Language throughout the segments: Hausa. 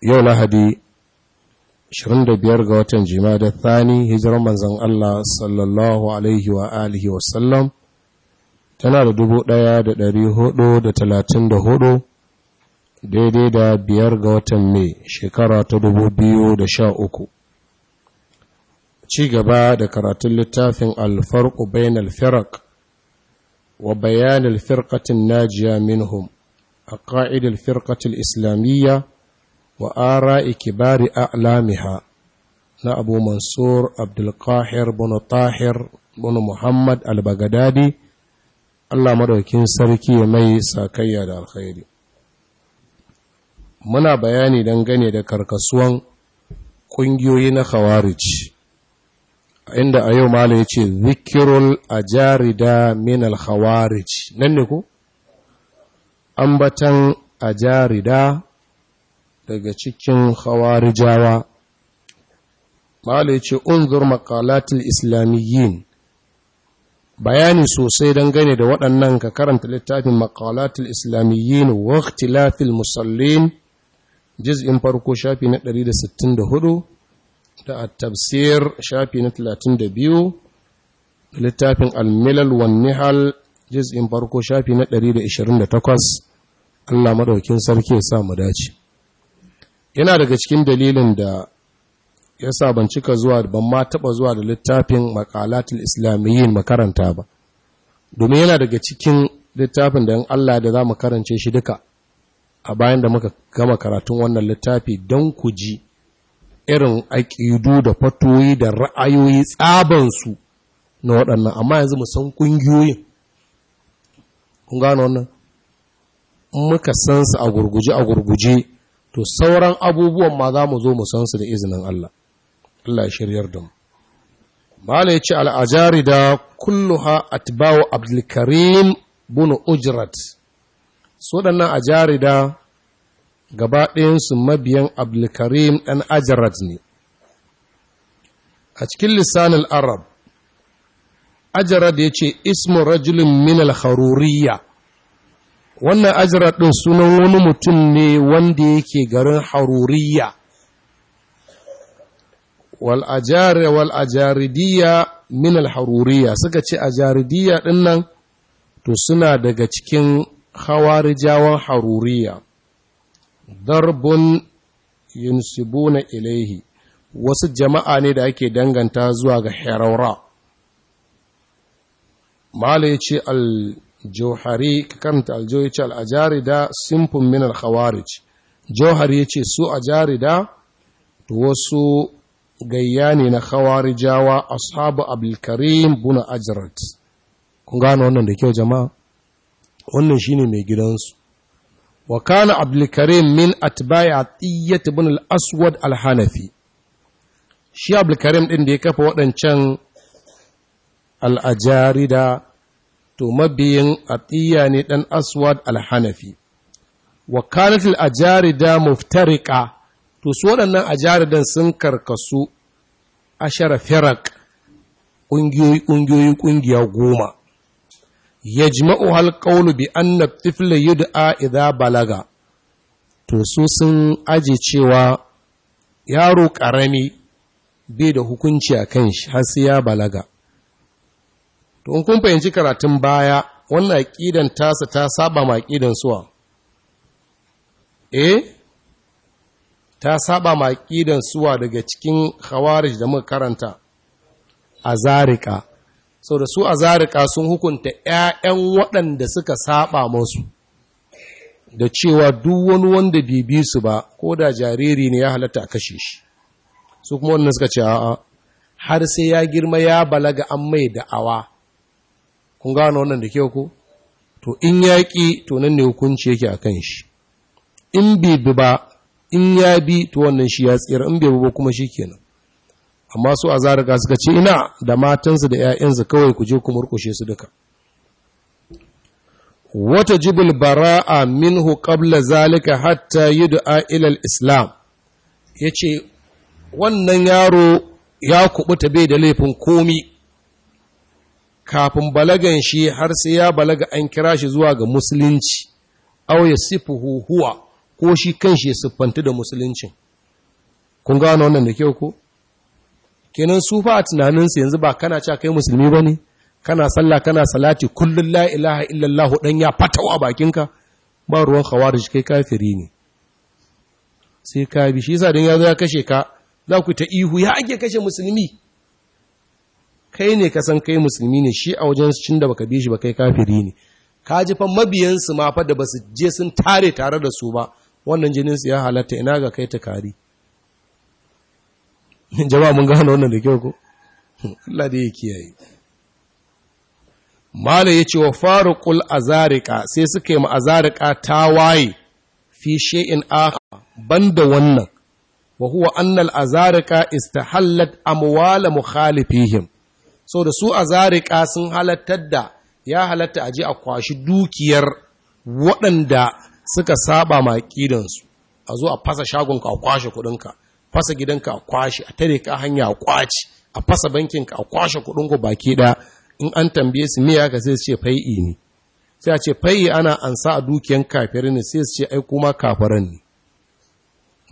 yau lahadi 25 ga watan da thani hijiran manzan Allah sallallahu alaihi wa alihi wasallam tana da 1434 daidai da biyar ga watan mai shekara ta dubu biyu da sha uku. ci gaba da karatun littafin alfarku bayan alfirak wa bayan alfirkatin najiya minhum a ƙa'idar firkatul islamiyya Wa'ara ikibari a a'lamiha na abu mansur abdulkahir bin tahir bin muhammad al-bagadadi allah madaukin sarki mai sakayya da alkhairi muna bayani dangane da karkasuwan ƙungiyoyi na khawarij inda a yau mala ya ce zikirul a jarida min alkhawarij nan ne ku ambatan a jarida daga cikin khawarijawa mala ce unzur maqalatul islamiyyin bayani sosai gane da waɗannan ka karanta littafin maqalatul islamiyyin wa ikhtilafil musallin juz'in farko shafi na 164 da at-tafsir shafi na 32 littafin al-milal wan nihal juz'in farko shafi na 128 Allah madaukin sarki ya sa mu dace yana daga cikin dalilin da ya sa ban cika zuwa ban ma taba zuwa da littafin makalatul islamiyyin makaranta ba domin yana daga cikin littafin da in Allah da za mu karance shi duka a bayan da muka gama karatun wannan littafi don ku ji irin aƙidu da fatoyi da ra'ayoyi tsabansu na waɗannan amma yanzu mu san ƙungiyoyin kun gano wannan muka san su a gurguje a gurguje to sauran abubuwan ma za mu zo mu san su da izinin Allah Allah ya shiryar da mu mala yace al da kulluha atba'u abdul karim bunu ujrat su dannan ajarida gaba ɗayan su mabiyan abdul karim dan ajrat ne a cikin lisanin arab ajrat yace ismu rajulin min al-haruriyya wannan ajira ɗin sunan wani mutum ne wanda yake garin haruriya wal'ajaridiya min al-haruriya suka ce ajaridiya ɗin nan to suna daga cikin hawarijawan haruriya darbun yunsibuna ilaihi wasu jama'a ne da ake danganta zuwa ga heraura mala ya ce al johari ka karanta aljo ya ce da simfin minar khawarij johari ya ce su da wasu gayya ne na khawarijawa ashabu abulkarim buna ajirat kun gano wannan da kyau jama'a wannan shine mai gidansu wa kana abulkarim min atba'i atiyyat ibn al-aswad al-hanafi shi abulkarim din da ya kafa waɗancan Al'ajari da. to mabiyin atiya ne ɗan aswad alhanafi wa a ajarida muftarika to su waɗannan ajaridan sun karkasu ashara firak ƙungiyoyi ƙungiyoyi ƙungiya goma yajma'u hal qawlu bi anna tifla yud'a idha balaga to su sun aje cewa yaro ƙarami bai da hukunci a kan shi har sai ya balaga In kun fahimci karatun baya wannan aƙidan tasa ta saba ma aƙidan suwa eh ta saba ma aƙidan suwa daga cikin khawarij da muka karanta a zarika sau da su a zarika sun hukunta 'ya'yan waɗanda suka saba masu da cewa duk wani wanda bibi su ba ko da jariri ne ya halatta a kashe shi su kuma wannan suka ce a'a har sai ya girma ya balaga an mai da'awa kun gano wannan da kyau ko to in yaƙi to nan ne hukunci yake a kan shi in bi bi ba in ya bi to wannan shi ya tsira in bai bi ba kuma shi kenan amma su a zarika suka ce ina da matansu da 'ya'yansu kawai ku je ku murkushe su duka wata jibul bara'a minhu qabla zalika hatta yi da ilal islam ya ce, wannan yaro ya kubuta bai da laifin komi kafin balagan shi har sai ya balaga an kira shi zuwa ga musulunci au ya sifu huwa ko shi kanshi ya siffanta da musulunci. kun gano wannan da kyau ko kenan su fa a tunaninsu yanzu ba kana cewa kai musulmi ba ne kana sallah kana salati kullum la ilaha illallah dan ya fatawa bakinka ba ruwan khawarij kai kafiri ne sai ka bi shi yasa dan ya zo ya kashe ka za ku ta ihu ya ake kashe musulmi kai ne ka san kai musulmi ne shi a wajen cin da baka bi shi ba kai kafiri ne ka ji fa mabiyansu ma fa da ba su je sun tare tare da su ba wannan jininsu ya halatta ina ga kai ta kari jama'a mun gano wannan da kyau ko Allah da ya kiyaye Mala ya ce wa faruƙul azarika sai suka yi ma'azarika ta waye fi she'in aka banda wannan, wa huwa annal azarika istahallat amwala mukhalifihim sau da su a zarika sun halattar da ya halatta a je a kwashi dukiyar waɗanda suka saba ma ƙidansu a zo a fasa shagonka a kwashe kuɗinka fasa gidanka a kwashe a tare ka hanya a kwaci a fasa bankinka a kwashe kuɗinku baki ɗaya in an tambaye su miya ka sai su ce fai'i ne sai a ce fai'i ana ansa a dukiyan kafirin ne sai su ce ai kuma kafiran ne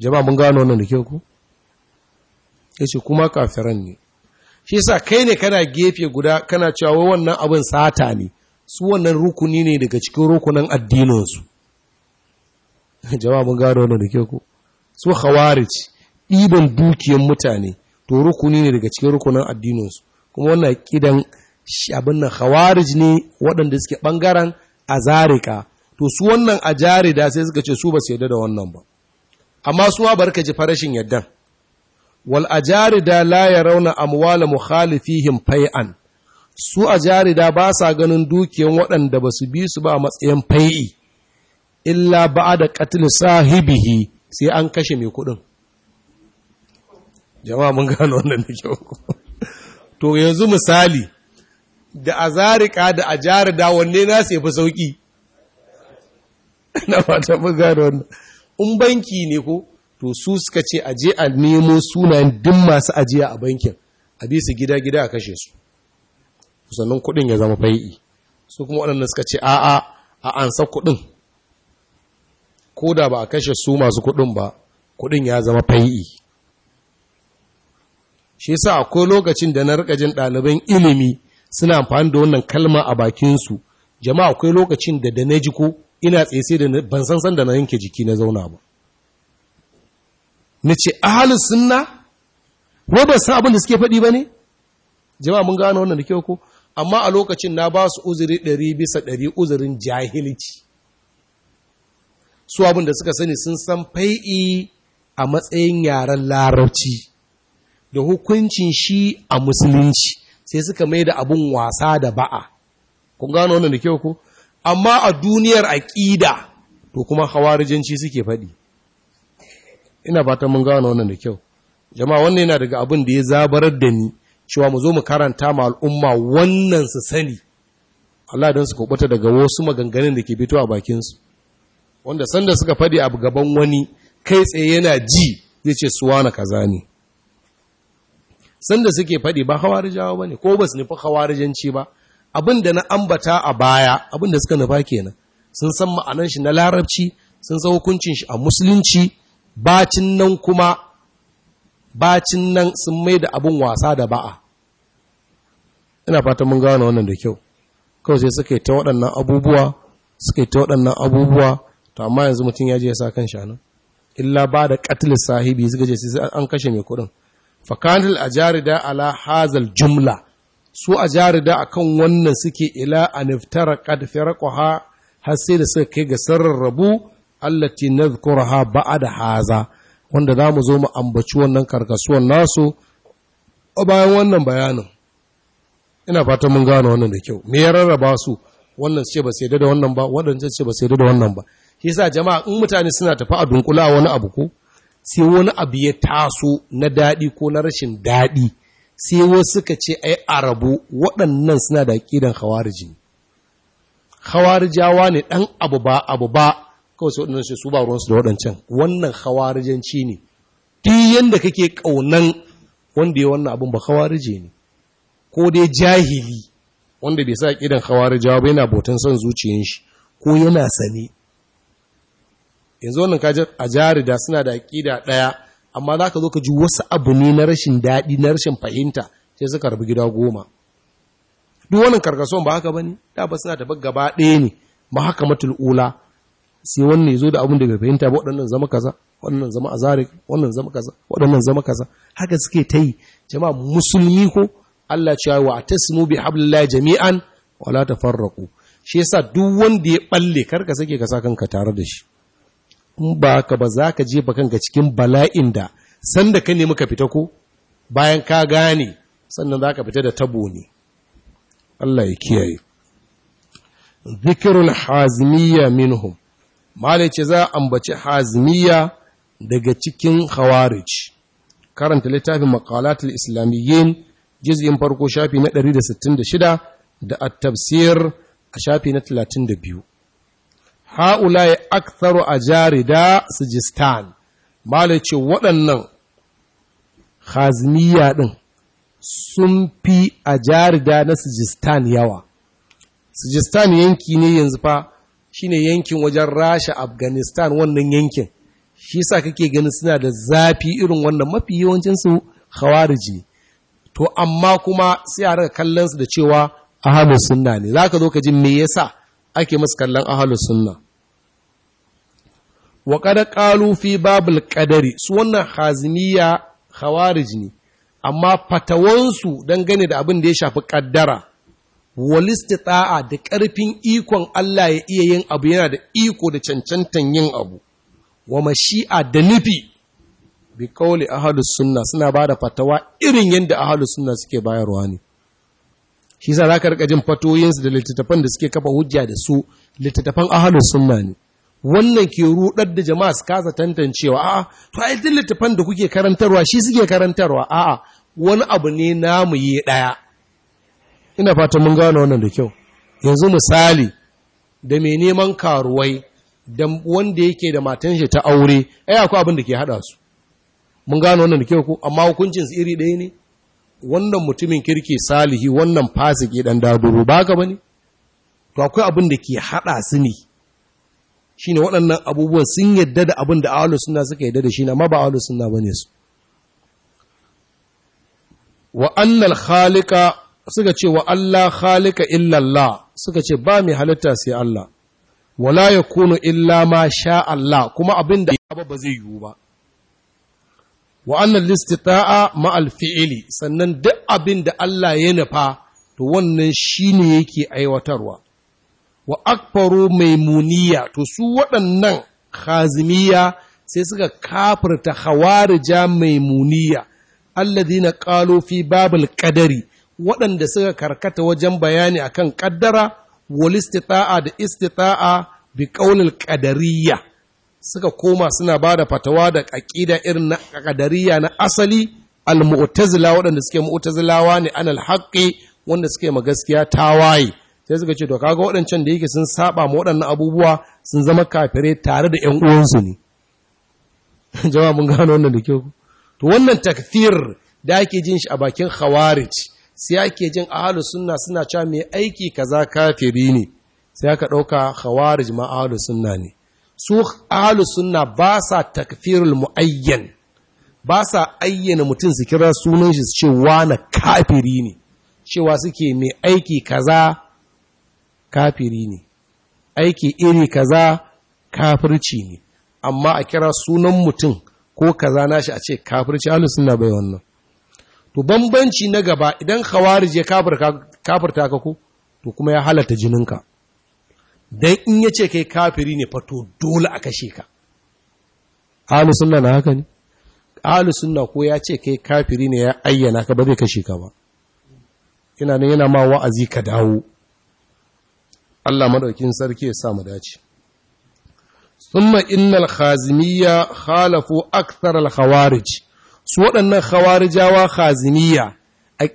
jama'a mun gano wannan da ke ku ce kuma kafiran ne shi sa kai ne kana gefe guda kana cewa wannan abin sata ne su wannan rukuni ne daga cikin rukunan addininsu jama'a mun gano wannan da ke ku su khawarij ɗiban dukiyan mutane to rukuni ne daga cikin rukunan addininsu kuma wannan kidan abin nan khawarij ne waɗanda suke ɓangaren azarika to su wannan ajarida sai suka ce su ba su yadda da wannan ba amma su ma barka ji farashin yaddan wal ajarida la yarawna muwala mukhalifihim fai'an su jarida ba sa ganin dukiyan waɗanda ba su bi su ba a matsayin fai'i illa ba'da qatl sahibihi sai an kashe mai kuɗin jama'a mun gano wannan da kyau to yanzu misali da a zarika da ajarida wanne na sai fi sauki na fata mun gano wannan in banki ne ko to su suka ce a je a nemo sunayen duk masu ajiya a bankin a bi su gida-gida a kashe su sannan kuɗin ya zama fai'i su kuma waɗanda suka ce a'a a ansa kuɗin ko da ba a kashe su masu kuɗin ba kuɗin ya zama fai'i shi sa akwai lokacin da na rika jin ɗaliban ilimi suna amfani da wannan kalma a bakinsu jama'a akwai lokacin da da na ji ko ina tsaye sai da ban san san da na yanke jiki na zauna ba na ce ahalin sunna wadda san abin da suke faɗi ba ne jama'a mun gano wannan da kyau ko amma a lokacin na ba su uzuri ɗari bisa ɗari uzurin jahilci su abin da suka sani sun san fai'i a matsayin yaren larabci da hukuncin shi a musulunci sai suka mai da abin wasa da ba'a kun gano wannan da kyau ko amma a duniyar aƙida to kuma hawarijanci suke faɗi ina fatan mun gano wannan da kyau jama'a wannan yana daga abin da ya zabarar da ni cewa mu zo mu karanta ma al'umma wannan su sani Allah don su kubuta daga wasu maganganun da ke fito a bakin su wanda sanda suka fadi a gaban wani kai tsaye yana ji zai ce suwana kaza ne sanda suke fadi ba hawarijawa bane ko ba su nufi hawarijanci ba abin da na ambata a baya abin da suka nufa kenan sun san ma'anar shi na larabci sun san hukuncin shi a musulunci bacin nan kuma bacin nan sun mai da abin wasa da ba'a ina fatan mun gano wannan da kyau kawai sai suka yi ta waɗannan abubuwa suka yi ta waɗannan abubuwa to amma yanzu mutum ya je ya sa kan shanan illa ba da katilis sahibi suka je sai an kashe mai kuɗin fakanil a jarida ala hazal jumla su a jarida akan wannan suke ila aniftara kad firqaha har sai da suka kai ga rabu allati nadhkuruha ba'd haza wanda za mu zo mu ambaci wannan karkasuwan nasu a bayan wannan bayanin ina fata mun gano wannan da kyau me ya rarraba su wannan ce ba sai da wannan ba wannan ce ba sai da wannan ba shi yasa jama'a in mutane suna tafi a dunkula wani abu ko sai wani abu ya taso na daɗi ko na rashin daɗi sai wasu suka ce ai arabu waɗannan suna da aqidan khawarij khawarijawa ne ɗan abu ba abu ba kawai sai waɗannan su ba ruwansu da waɗancan wannan hawarijanci ne duk yanda kake ƙaunan wanda ya wannan abin ba hawarije ne ko dai jahili wanda bai sa ƙidan hawarija ba yana bautan son zuciyan shi ko yana sani? yanzu wannan kaji a jarida suna da aƙida ɗaya amma za ka zo ka ji wasu abu ne na rashin daɗi na rashin fahimta sai suka rabu gida goma duk wannan karkason ba haka ba ne da ba suna tabar gaba ɗaya ne ba haka matul'ula sai wannan ya zo da abin da bai fahimta ba waɗannan zama kaza waɗannan zama azarik waɗannan zama kaza waɗannan zama kaza haka suke ta yi jama'a musulmi ko Allah ce wa tasmu bi hablillah jami'an wala tafarraqu shi yasa duk wanda ya balle karka sake ka sa kanka tare da shi in ba ka ba za ka jefa kanka cikin bala'in da sanda ka nemi ka fita ko bayan ka gane sannan za ka fita da tabo ne Allah ya kiyaye zikrul hazmiya minhum malai ce za a ambaci hazmiya daga cikin khawarij karanta littafin maqalatul islamiyyin juz'in farko shafi na 166 da at-tafsir a shafi na 32 haula ya aktharu ajarida sijistan malai ce waɗannan hazmiya din sun fi a jarida na sijistan yawa sijistan yanki ne yanzu fa shine yankin wajen rasha afghanistan wannan yankin shi sa kake ganin suna da zafi irin wannan mafi yawancinsu khawariji to amma kuma sai a rika kallon su da cewa ahlus sunna ne zaka zo ka ji me yasa ake musu kallon ahlus sunna wa qad qalu fi babul qadari su wannan hazmiya khawarij ne amma fatawansu dangane da abin da ya shafi kaddara ta'a da ƙarfin ikon Allah ya iya yin abu yana da iko da cancantan yin abu wa mashi'a da nufi bi kauli ahlus sunna suna bada fatawa irin yadda ahlus sunna suke bayarwa ne shi za ka rika jin fatoyinsu da littattafan da suke kafa hujja da su littattafan ahlus sunna ne wannan ke rudar da jama'a su kasa tantancewa a'a to ai duk littattafan da kuke karantarwa shi suke karantarwa a'a wani abu ne namu yi ɗaya. ina fata mun gano wannan da kyau yanzu misali da mai neman karuwai da wanda yake da matan shi ta aure ai akwai abin da ke hada su mun gano wannan da kyau ko amma hukuncin su iri ɗaya ne wannan mutumin kirki salihi wannan fasiki dan daduro ba ka bane to akwai abin da ke hada su ne shine waɗannan abubuwan sun yadda da abin da ahlus sunna suka yadda da shi na ma ba ahlus sunna bane su wa annal khaliqa suka ce wa Allah khalika illallah suka ce ba mai halitta sai Allah wala ya kunu illa ma sha Allah kuma abin da ya ba zai yiwu ba wa annal listita'a ma al sannan duk abin da Allah ya nufa to wannan shine yake aiwatarwa wa akbaru maimuniya to su waɗannan khazimiya sai suka kafirta khawarija maimuniya alladhina qalu fi babul qadari waɗanda suka karkata wajen bayani akan ƙaddara walistita'a da istita'a bi ƙaunin ƙadariya suka koma suna ba da fatawa da ƙaƙida irin na ƙadariya na asali al mu'tazila waɗanda suke mu'tazilawa ne an alhaƙi wanda suke ma gaskiya tawaye sai suka ce to kaga waɗancan da yake sun saba ma waɗannan abubuwa sun zama kafire tare da ƴan uwansu ne jama'a mun gano wannan da kyau to wannan takfir da ake jin shi a bakin khawarij sai ake jin ahlus sunna suna cewa mai aiki kaza kafiri ne sai aka ɗauka khawarij ma ahlus sunna ne su ahlus sunna ba sa takfirul muayyan ba sa ayyana mutum su kira sunan shi su ce wani kafiri ne cewa suke mai aiki kaza kafiri ne aiki iri kaza kafirci ne amma a kira sunan mutum ko kaza nashi a ce kafirci ahlus sunna bai wannan to bambanci na gaba idan khawarij ya kafirta ka ko to kuma ya halatta jininka dan in yace kai kafiri ne fa to dole a kashe ka ahlus sunna na haka ne ahlus sunna ko ya ce kai kafiri ne ya ayyana ka ba zai kashe ka ba ina ne yana ma wa'azi ka dawo Allah madaukin sarki ya sa mu dace summa innal khazimiyya khalafu akthar al khawarij su waɗannan khawarijawa khaziniya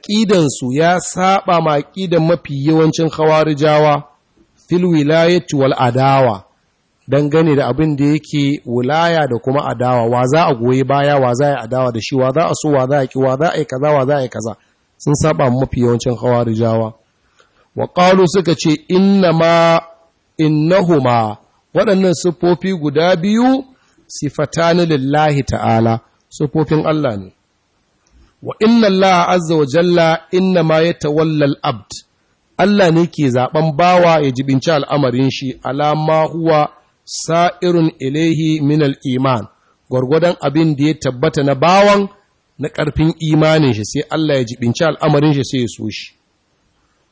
ƙidansu ya saba ma ƙidan mafi yawancin khawarijawa fil wilayati wal adawa dangane da abin da yake wilaya da kuma adawa wa za a goyi baya wa za a adawa da shi wa za a so wa za a ki wa za a yi kaza wa za a yi kaza sun saba mafi yawancin khawarijawa wa qalu suka ce innama innahuma waɗannan siffofi guda biyu sifatani lillahi ta'ala sufofin Allah ne wa inna Allah azza wa jalla inna ma ya tawallal abd Allah ne ke zaben bawa ya jibinci al'amarin shi alama huwa sa'irun ilaihi min al’iman, iman gwargwadon abin da ya tabbata na bawan na ƙarfin imanin shi sai Allah ya jibinci al'amarin shi sai ya so shi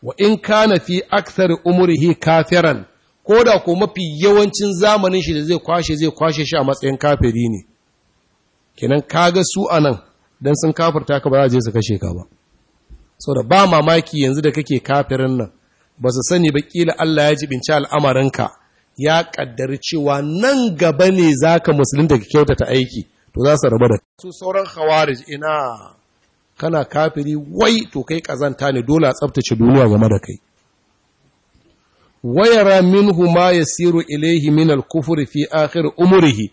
wa in kana fi aksar umrihi kafiran ko da ko mafi yawancin zamanin shi da zai kwashe zai kwashe shi a matsayin kafiri ne kenan ga su anan dan sun kafirta ka ba za je su kashe ka ba so ba mamaki yanzu da kake kafirin nan ba su sani ba kila Allah ya jibinci al'amarinka ya kaddari cewa nan gaba ne zaka da kyauta kyautata aiki to za su rabu da su sauran khawarij ina kana kafiri wai to kai kazanta ne dole a tsaftace duniya game da kai wayara minhu ma yasiru ilaihi min al-kufri fi akhir umrihi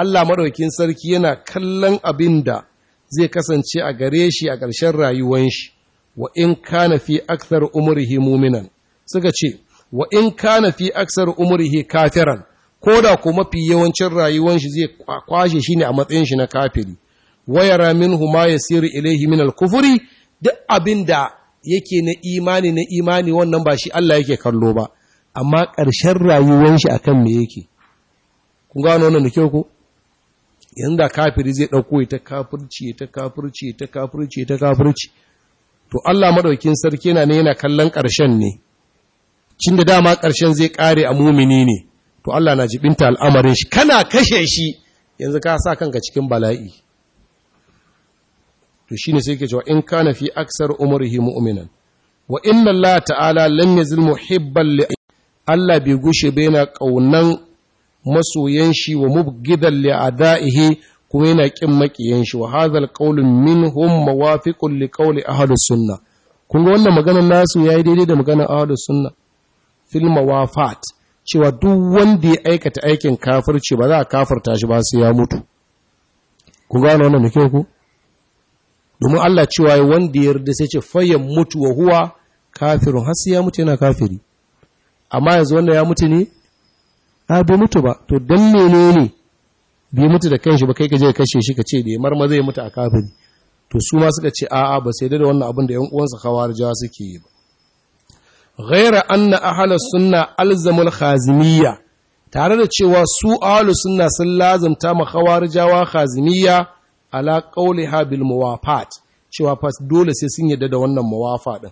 Allah maɗaukin sarki yana kallon abin da zai kasance a gare shi a ƙarshen rayuwan shi wa in kana fi aksar umrihi muminan suka ce wa in kana fi aksar umrihi kafiran ko da ko mafi yawancin rayuwan shi zai kwashe shi ne a matsayin shi na kafiri waya ramin huma ma siri ilaihi min alkufuri, duk abin da yake na imani na imani wannan ba shi Allah yake kallo ba amma ƙarshen rayuwan akan me yake kun gano wannan da kyau ko yanda kafiri zai ɗauko ta kafirci ta kafirci ta kafirci ta kafirci to Allah madaukin sarki yana ne yana kallon ƙarshen ne cin da dama ƙarshen zai ƙare a mumini ne to Allah na jibinta al'amarin shi kana kashe shi yanzu ka sa kanka cikin bala'i to shine sai ke cewa in kana fi aksar umrihi mu'minan wa inna Allah ta'ala lam yazil muhibban li Allah bai gushe bai na kaunan masoyan shi wa mubgidan li'ada'ihi kuma yana kin makiyan shi wa hadhal qawlu minhum mawafiqun liqawli ahli sunna kun ga wannan maganar nasu yayi daidai da maganar ahli sunna fil mawafat cewa duk wanda ya aikata aikin kafirci ba za a kafirta shi ba sai ya mutu ku gano wannan muke ku domin Allah cewa wanda ya yarda sai ce fayyan mutu wa huwa kafirun har sai ya mutu yana kafiri amma yanzu wanda ya mutu ne a bai mutu ba to dan menene bai mutu da kanshi ba kai ka je kashe shi ka ce da marma zai mutu a kafiri to su ma suka ce a'a ba sai da wannan abin da yan uwansa jawa suke yi ba ghaira anna ahla sunna alzamul khazimiyya tare da cewa su ahlus sunna sun lazimta ma jawa khazimiyya ala qawliha bil muwafat cewa fa dole sai sun yadda da wannan muwafa din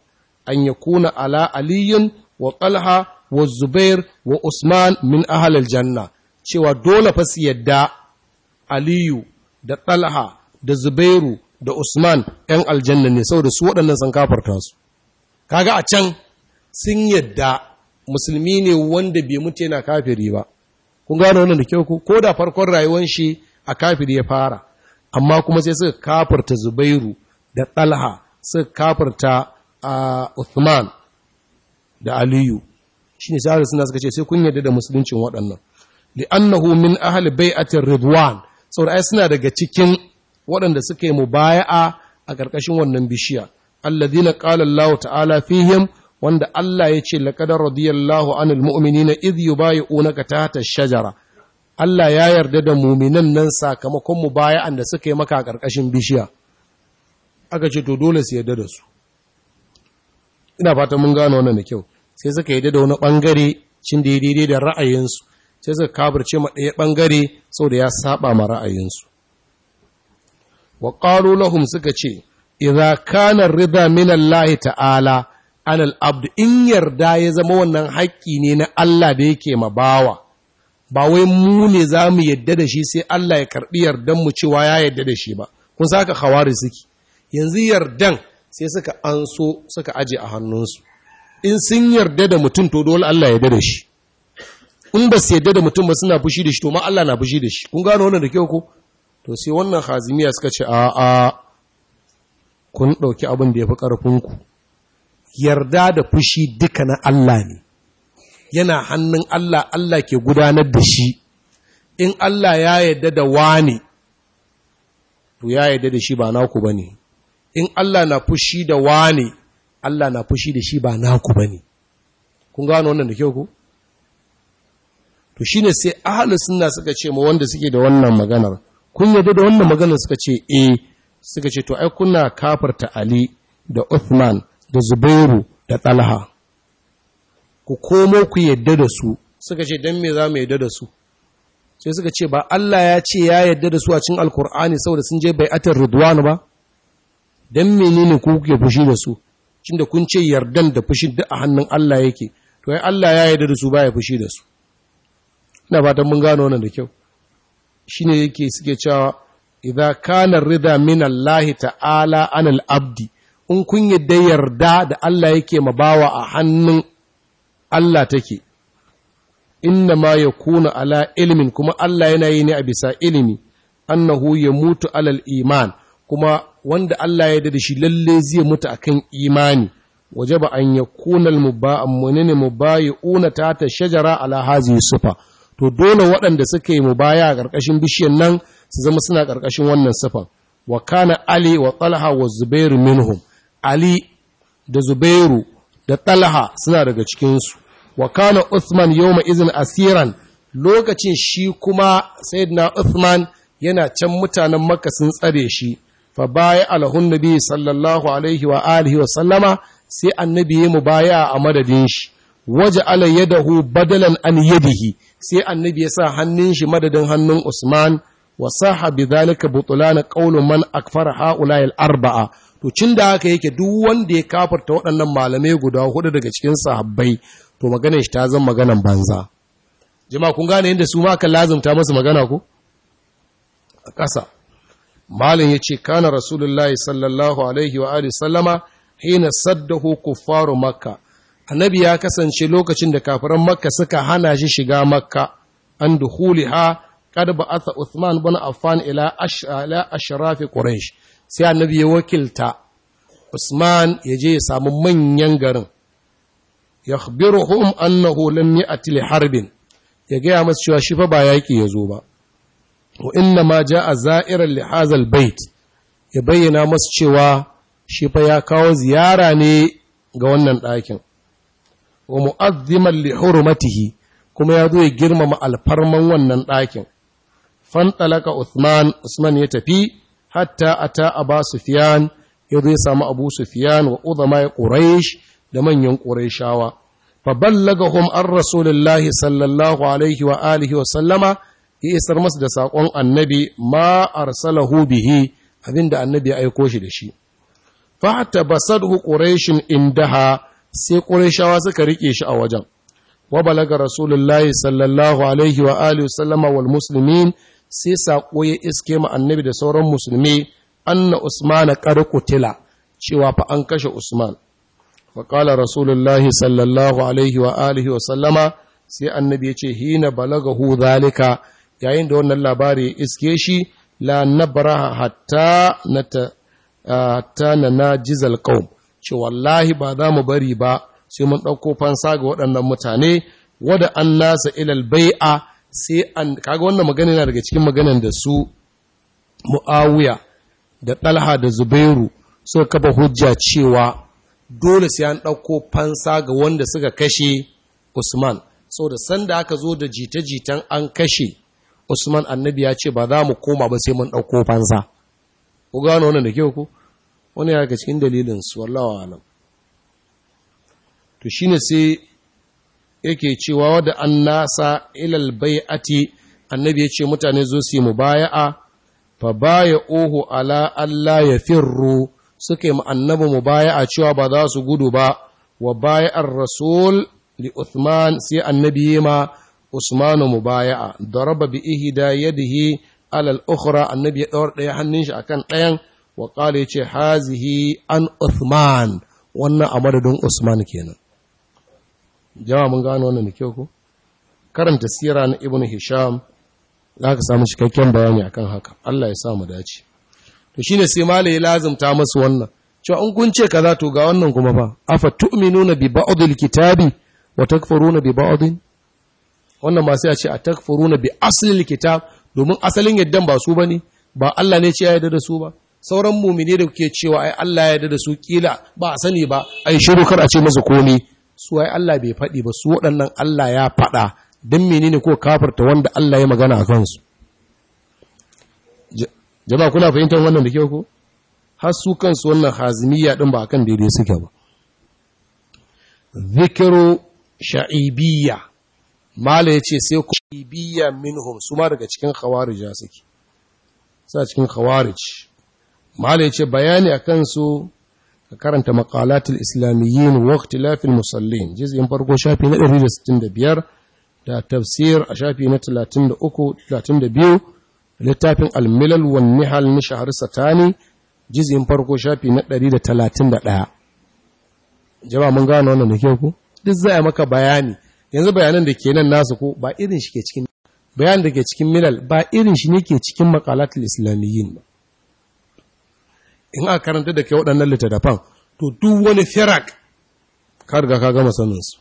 an yakuna ala aliyin wa talha wa Zubair wa Usman min ahalil janna cewa dole fa su yadda Aliyu da Talha da Zubairu da Usman ‘yan aljanna ne saboda su waɗannan sun kafarta su. Kaga a can sun yadda musulmi ne wanda bai mutu yana kafiri ba. Kun gano wannan da kyau ku, ko da farkon rayuwar shi a kafiri ya fara, amma kuma sai suka kafarta Zubairu da Talha suka kafarta a ah, Uthman da Aliyu. shi ne sa'ar suna suka ce sai kun yarda da musuluncin waɗannan li'annahu min ahli bai'atir ridwan saboda ai suna daga cikin waɗanda suka yi mubaya'a a ƙarƙashin wannan bishiya alladhina qala Allahu ta'ala fihim wanda Allah ya ce laqad radiyallahu anil mu'minina idh yubayi'unaka tahta ash-shajara Allah ya yarda da muminan nan sakamakon mubaya'an da suka yi maka a ƙarƙashin bishiya aka ce to dole su yarda da su ina fata mun gano wannan da kyau sai suka yi da wani bangare cin da daidai da ra'ayinsu sai suka kabarce ma ɗaya bangare sau da ya saba ma ra'ayinsu wa ƙaro lahum suka ce iza kana rida min Allah ta'ala anal al'abdu in yarda ya zama wannan haƙƙi ne na Allah da yake ma bawa ba wai mu ne za mu yadda da shi sai Allah ya karɓi yardan mu cewa ya yadda da shi ba kun saka hawari suke yanzu yardan sai suka anso suka aje a hannunsu in sun yarda da mutum to dole Allah ya da shi in ba su yarda da mutum ba suna fushi da shi to ma Allah na fushi da shi kun gano wannan da kyau ko to sai wannan hazimiya suka ce a'a kun dauki abin da ya fi karfin ku yarda da fushi duka na Allah ne yana hannun Allah Allah ke gudanar da shi in Allah ya yarda da wani to ya yarda da shi ba naku bane in Allah na fushi da wani Allah na fushi da shi ba naku ba ne kun gano wannan da kyau ku to shine sai ahlus suna suka ce ma wanda suke da wannan maganar kun yarda da wannan maganar suka ce eh suka ce to ai kuna kafarta Ali da Uthman da Zubairu da Talha ku komo ku yadda da su suka ce don me za mu yadda da su sai suka ce ba Allah ya ce ya yadda da su a cikin Alkur'ani saboda sun je bai'atar Ridwan ba Don menene ku kuke fushi da su cin da kun ce yardan da fushin duk a hannun Allah yake to ai Allah ya yarda da su baya fushi da su ina fatan mun gano wannan da kyau shine yake suke cewa idza kana rida min Allah ta'ala anal abdi in kun yarda yarda da Allah yake mabawa a hannun Allah take inna ma yakuna ala ilmin kuma Allah yana yi ne a bisa ilimi annahu yamutu alal iman kuma wanda Allah ya da shi lalle zai mutu akan imani wajaba an yakuna al-muba'an munini una ta ta shajara ala hazihi sufa to dole waɗanda suka yi mubaya a ƙarƙashin bishiyar nan su zama suna ƙarƙashin wannan sufan wa kana ali wa talha wa Zubairu minhum ali da zubairu da talha suna daga cikinsu wa kana uthman yawma izin asiran lokacin shi kuma sayyidina uthman yana can mutanen maka sun tsare shi fa baya alhun nabi sallallahu alaihi wa alihi wa sallama sai annabi ya mu baya a madadin shi waje ala yadahu badalan an yadihi sai annabi ya sa hannun shi madadin hannun usman wa saha bi zalika butulana qawlu man akfara haula al arba'a to cin da haka yake duk wanda ya kafarta waɗannan malamai guda hudu daga cikin sahabbai to maganar shi ta zama maganar banza jama'a kun gane yadda su ma kan lazumta masu magana ko a ƙasa malam ce kana rasulullahi sallallahu alaihi wa sallama hina saddahu kuffaru makka annabi ya kasance lokacin da kafiran makka suka hana shi shiga makka an kada kad ba'atha Usman bin Affan ila ashrafi quraish sai annabi ya wakilta Usman ya je ya samu manyan garin yakhbiruhum annahu lam ya'ti li harbin ya gaya masu cewa shi fa ba yaki ya zo ba wa inna ma ja'a za'iran li hazal bait ya bayyana masu cewa shi fa ya kawo ziyara ne ga wannan ɗakin wa mu'azziman li hurmatihi kuma ya zo ya girmama alfarman wannan ɗakin fantalaka Uthman Usman ya tafi hatta a ata Aba Sufyan ya zo ya samu Abu Sufyan wa udama Quraysh da manyan Qurayshawa fa ballagahum an Rasulullahi sallallahu alaihi wa alihi wa sallama isar masa da saƙon annabi ma arsalahu bihi abinda annabi ya aiko shi da shi fa basadhu quraishin indaha sai quraishawa suka rike shi a wajen wa balaga rasulullahi sallallahu alaihi wa alihi wasallama wal muslimin sai saƙo ya iske ma annabi da sauran musulmi anna usmana qad qutila cewa fa an kashe usman wa qala rasulullahi sallallahu alaihi wa alihi wasallama sai annabi ya ce hina balagahu zalika yayin da wannan labari iske shi la nabara hatta na hatta na jizal qaum ce wallahi ba za mu bari ba sai mun ɗauko fansa ga waɗannan mutane wadda an nasa ilal bai'a sai an kaga wannan magana yana daga cikin maganan da su mu'awiya da ɗalha da zubairu suka kafa hujja cewa dole sai an ɗauko fansa ga wanda suka kashe usman so da sanda aka zo da jita-jitan an kashe Usman annabi ya ce ba za mu koma ba sai mun ɗauko fansa ku gano wannan da kyau ku wani ya cikin dalilin su wa nan to shine sai yake cewa wadda an nasa ilal bai'ati annabi ya ce mutane zo su yi mubaya'a fa baya ohu ala Allah ya firru suka yi annabi mubaya'a cewa ba za su gudu ba wa baya'ar rasul li Uthman sai annabi ma usmanu mubaya'a daraba bi ihda yadihi alal ukhra annabi ya daura daya hannun shi akan dayan wa qala yace hazihi an uthman wannan a madadin usman kenan jama mun gano wannan da kyau ko karanta sira na Ibn hisham zaka samu cikakken bayani akan haka Allah ya sa mu dace to shine sai malai ya lazumta musu wannan cewa in kun ce kaza to ga wannan kuma fa afa tu'minuna bi ba'dil kitabi wa takfuruna bi ba'din wannan masu sai a ce a na bi asalin likita domin asalin yaddan ba su ba ne ba Allah ne ce ya yarda da su ba sauran mumine da kuke cewa ai Allah ya yarda da su kila ba a sani ba ai shiru kar a ce masa komi su ai Allah bai faɗi ba su waɗannan Allah ya faɗa don menene ko kafirta wanda Allah ya magana a kansu jama'a kuna fahimtar wannan da kyau ko har su kansu wannan hazimiyya din ba akan daidai suke ba zikiru sha'ibiyya mala ya ce sai ku biya minhum su ma daga cikin khawarija suke sa cikin khawarij mala ya ce bayani a kansu ka karanta maqalatul islamiyyin wa ikhtilafil musallin juz'in farko shafi na 165 da tafsir a shafi na 33 32 littafin al-milal wan nihal na shahr satani juz'in farko shafi na 131 jama'a mun gano wannan da kyau ko duk zai maka bayani yanzu bayanan da ke nan nasu ko ba irin shi ke cikin bayan da ke cikin milal ba irin shi ne ke cikin makalatul islamiyyin ba in aka karanta da ke waɗannan littattafan to duk wani firak ka riga ka gama saninsu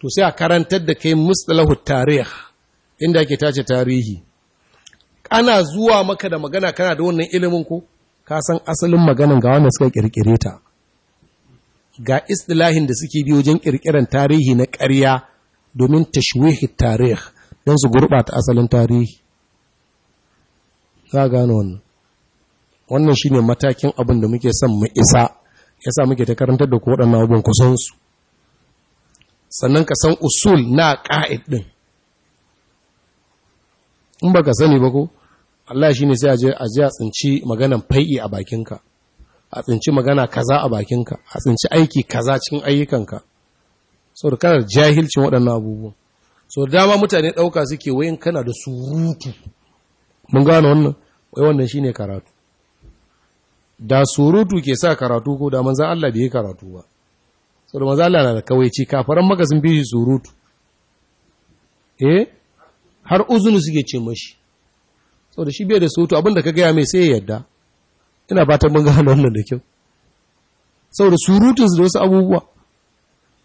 to sai a karantar da kai mustalahu tarih inda ake tace tarihi ana zuwa maka da magana kana da wannan ilimin ko ka san asalin maganan ga wanda suka kirkire ta ga istilahin da suke biyo wajen ƙirƙiran tarihi na ƙarya domin tashwihi tarih don su gurɓata asalin tarihi za gano wannan wannan shine matakin abin da muke son mu isa ya sa muke ta karantar da kuwa waɗannan abin sannan ka san usul na ƙa'id ɗin in ba ka sani ba ko Allah shi ne sai a je a tsinci maganan fai'i a bakinka a tsinci magana kaza a bakinka a tsinci aiki kaza cikin ayyukanka saboda kana da jahilcin waɗannan abubuwan so dama mutane ɗauka suke wayin kana da surutu mun gano wannan wai wannan shine karatu da surutu ke sa karatu ko da za Allah bai karatu ba saboda manzan Allah na da ce kafaran maka sun fi surutu eh har uzunu suke ce mashi saboda shi bai da surutu abinda ka gaya mai sai ya yadda ina ba ta mun gano wannan da kyau saboda surutun su da wasu abubuwa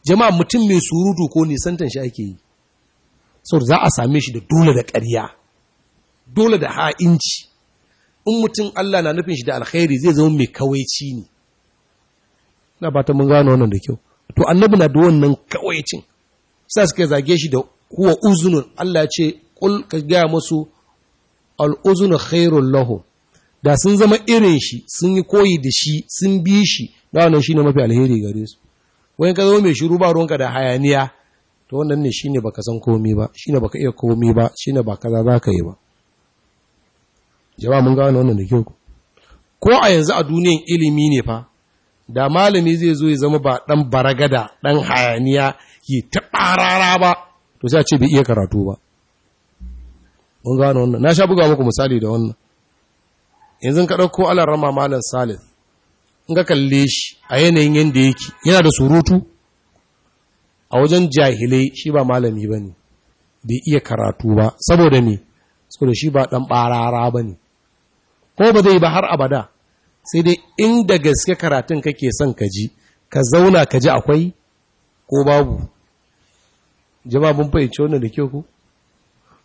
jama'a mutum mai surutu ko nisantan shi ake yi saboda za a same shi da dole da ƙarya dole da ha'inci in mutum Allah na nufin shi da alkhairi zai zama mai kawaici ne ina ba ta mun gano wannan da kyau to annabi na da wannan kawaicin sai suka zage shi da kuwa uzunun Allah ya ce kul ka gaya masu al uzunu khairul da sun zama irin shi sun yi koyi da shi sun bi shi da wannan shine mafi alheri gare su wani ka zama mai shiru ba ruwanka da hayaniya to wannan ne shine baka san komi ba shine baka iya komi ba shine ba kaza za ka yi ba jama'a mun gane wannan da kyau ko a yanzu a duniyan ilimi ne fa da malami zai zo ya zama ba dan baragada dan hayaniya ya ta ba to sai a ce bai iya karatu ba mun gane wannan na sha buga muku misali da wannan yanzu ka ɗauko alar rama malam salif in ka kalle shi a yanayin yadda yake yana da surutu a wajen jahilai shi ba malami ba ne bai iya karatu ba saboda ne saboda shi ba ɗan ɓarara ba ne ko ba zai ba har abada sai dai inda gaske karatun kake son ka ji ka zauna ka ji akwai ko babu jama'a mun fahimci wannan da kyau ku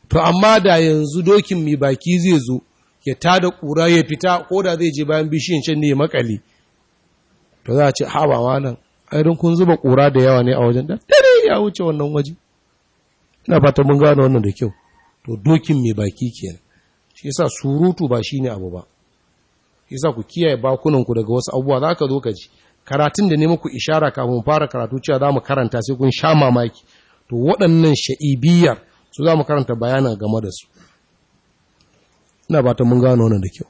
to amma da yanzu dokin mai baki zai zo ya da ƙura ya fita ko da zai je bayan bishiyan can ne ya makale to za a ce haɓa ma nan irin kun zuba ƙura da yawa ne a wajen da dare ya wuce wannan waje ina fata mun gane wannan da kyau to dokin mai baki kenan shi yasa surutu ba shi ne abu ba shi yasa ku kiyaye bakunanku daga wasu abubuwa za ka zo ka ji karatun da ne muku ishara kafin fara karatu cewa za mu karanta sai kun sha mamaki to waɗannan sha'ibiyar su za mu karanta bayana game da su ina ba ta mun gano wannan da kyau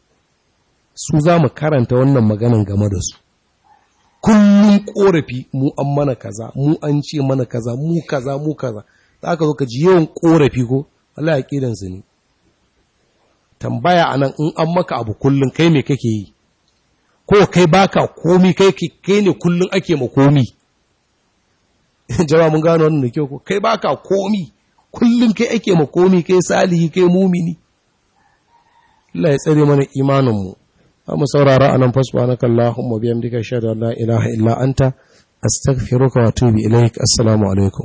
su za mu karanta wannan maganan game da su kullum korafi mu an mana kaza mu an ce mana kaza mu kaza mu kaza za ka zo ka ji yawan korafi ko Allah ya kidan su ne tambaya anan in an maka abu kullum kai me kake yi ko kai baka komi kai kai ne kullum ake ma komi jama'a mun gano wannan da kyau ko kai baka komi kullum kai ake ma komi kai salihi kai mumini Allah ya tsare mana imaninmu za mu saurara a nan fasfa na kallahun mabiyan duka shaidar la ilaha illa anta astaghfiruka wa ilaik assalamu alaikum